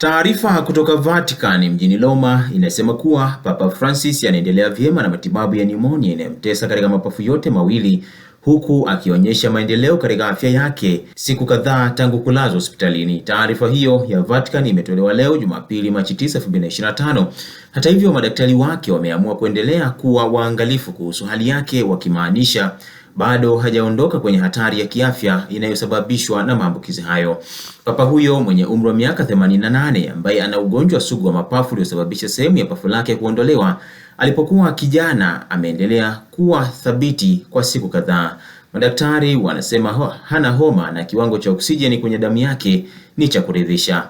Taarifa kutoka Vatican mjini Roma inasema kuwa Papa Francis anaendelea vyema na matibabu ya nimonia inayomtesa katika mapafu yote mawili huku akionyesha maendeleo katika afya yake siku kadhaa tangu kulazwa hospitalini. Taarifa hiyo ya Vatican imetolewa leo Jumapili, Machi 9, 2025. Hata hivyo, madaktari wake wameamua kuendelea kuwa waangalifu kuhusu hali yake wakimaanisha bado hajaondoka kwenye hatari ya kiafya inayosababishwa na maambukizi hayo. Papa huyo mwenye umri wa miaka 88 ambaye ana ugonjwa sugu wa mapafu uliosababisha sehemu ya pafu lake kuondolewa alipokuwa kijana ameendelea kuwa thabiti kwa siku kadhaa. Madaktari wanasema ho, hana homa na kiwango cha oksijeni kwenye damu yake ni cha kuridhisha.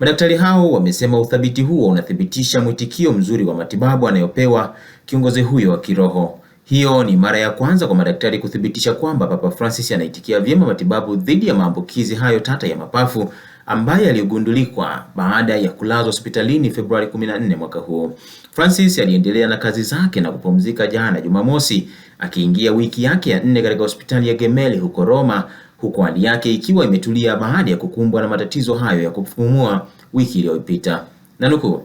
Madaktari hao wamesema uthabiti huo unathibitisha mwitikio mzuri wa matibabu anayopewa kiongozi huyo wa kiroho. Hiyo ni mara ya kwanza kwa madaktari kuthibitisha kwamba Papa Francis anaitikia vyema matibabu dhidi ya maambukizi hayo tata ya mapafu ambaye aligundulikwa baada ya kulazwa hospitalini Februari 14 mwaka huu. Francis aliendelea na kazi zake na kupumzika jana Jumamosi, akiingia wiki yake ya nne katika hospitali ya Gemelli huko Roma, huku hali yake ikiwa imetulia baada ya kukumbwa na matatizo hayo ya kupumua wiki iliyopita. Nanukuu,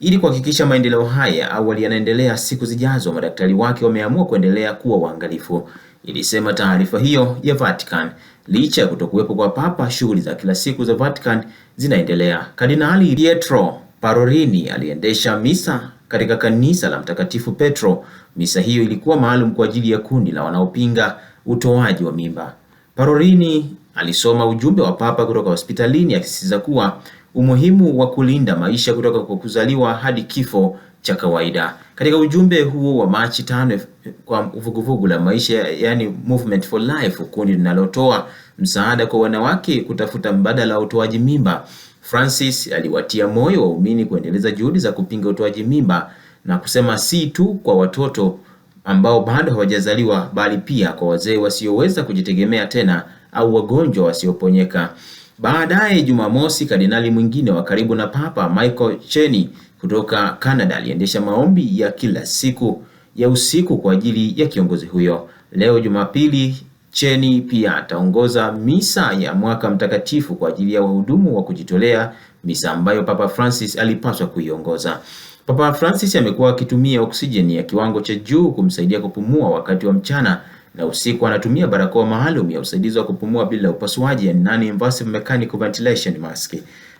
ili kuhakikisha maendeleo haya awali yanaendelea siku zijazo, madaktari wake wameamua kuendelea kuwa waangalifu, ilisema taarifa hiyo ya Vatican. Licha ya kutokuwepo kwa Papa, shughuli za kila siku za Vatican zinaendelea. Kardinali Pietro Parolini aliendesha misa katika kanisa la Mtakatifu Petro. Misa hiyo ilikuwa maalum kwa ajili ya kundi la wanaopinga utoaji wa mimba. Parolini Alisoma ujumbe wa Papa kutoka hospitalini akisisitiza kuwa umuhimu wa kulinda maisha kutoka kwa kuzaliwa hadi kifo cha kawaida. Katika ujumbe huo wa Machi 5 eh, kwa vuguvugu la maisha, yani Movement for Life, kundi linalotoa msaada kwa wanawake kutafuta mbadala wa utoaji mimba, Francis aliwatia moyo waumini kuendeleza juhudi za kupinga utoaji mimba na kusema si tu kwa watoto ambao bado hawajazaliwa bali pia kwa wazee wasioweza kujitegemea tena au wagonjwa wasioponyeka. Baadaye Jumamosi, kardinali mwingine wa karibu na Papa Michael Cheni kutoka Canada aliendesha maombi ya kila siku ya usiku kwa ajili ya kiongozi huyo. Leo Jumapili, Cheni pia ataongoza misa ya mwaka mtakatifu kwa ajili ya wahudumu wa kujitolea, misa ambayo Papa Francis alipaswa kuiongoza. Papa Francis amekuwa akitumia oksijeni ya kiwango cha juu kumsaidia kupumua wakati wa mchana na usiku anatumia barakoa maalum ya usaidizi wa kupumua bila upasuaji, yani non-invasive mechanical ventilation mask.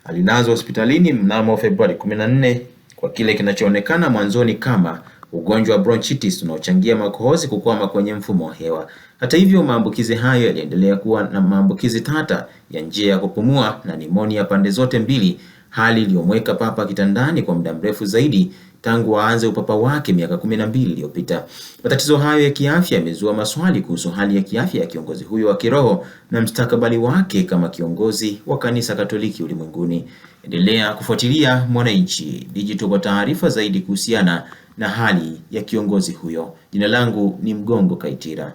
Alilazwa hospitalini mnamo Februari 14 kwa kile kinachoonekana mwanzoni kama ugonjwa wa bronchitis unaochangia makohozi kukwama kwenye mfumo wa hewa. Hata hivyo, maambukizi hayo yaliendelea kuwa na maambukizi tata ya njia ya kupumua na nimonia pande zote mbili, hali iliyomweka Papa kitandani kwa muda mrefu zaidi tangu aanze upapa wake miaka 12 iliyopita. Matatizo hayo ya kiafya yamezua maswali kuhusu hali ya kiafya ya kiongozi huyo wa kiroho na mstakabali wake kama kiongozi wa Kanisa Katoliki ulimwenguni. Endelea kufuatilia Mwananchi Digital kwa taarifa zaidi kuhusiana na hali ya kiongozi huyo. Jina langu ni Mgongo Kaitira.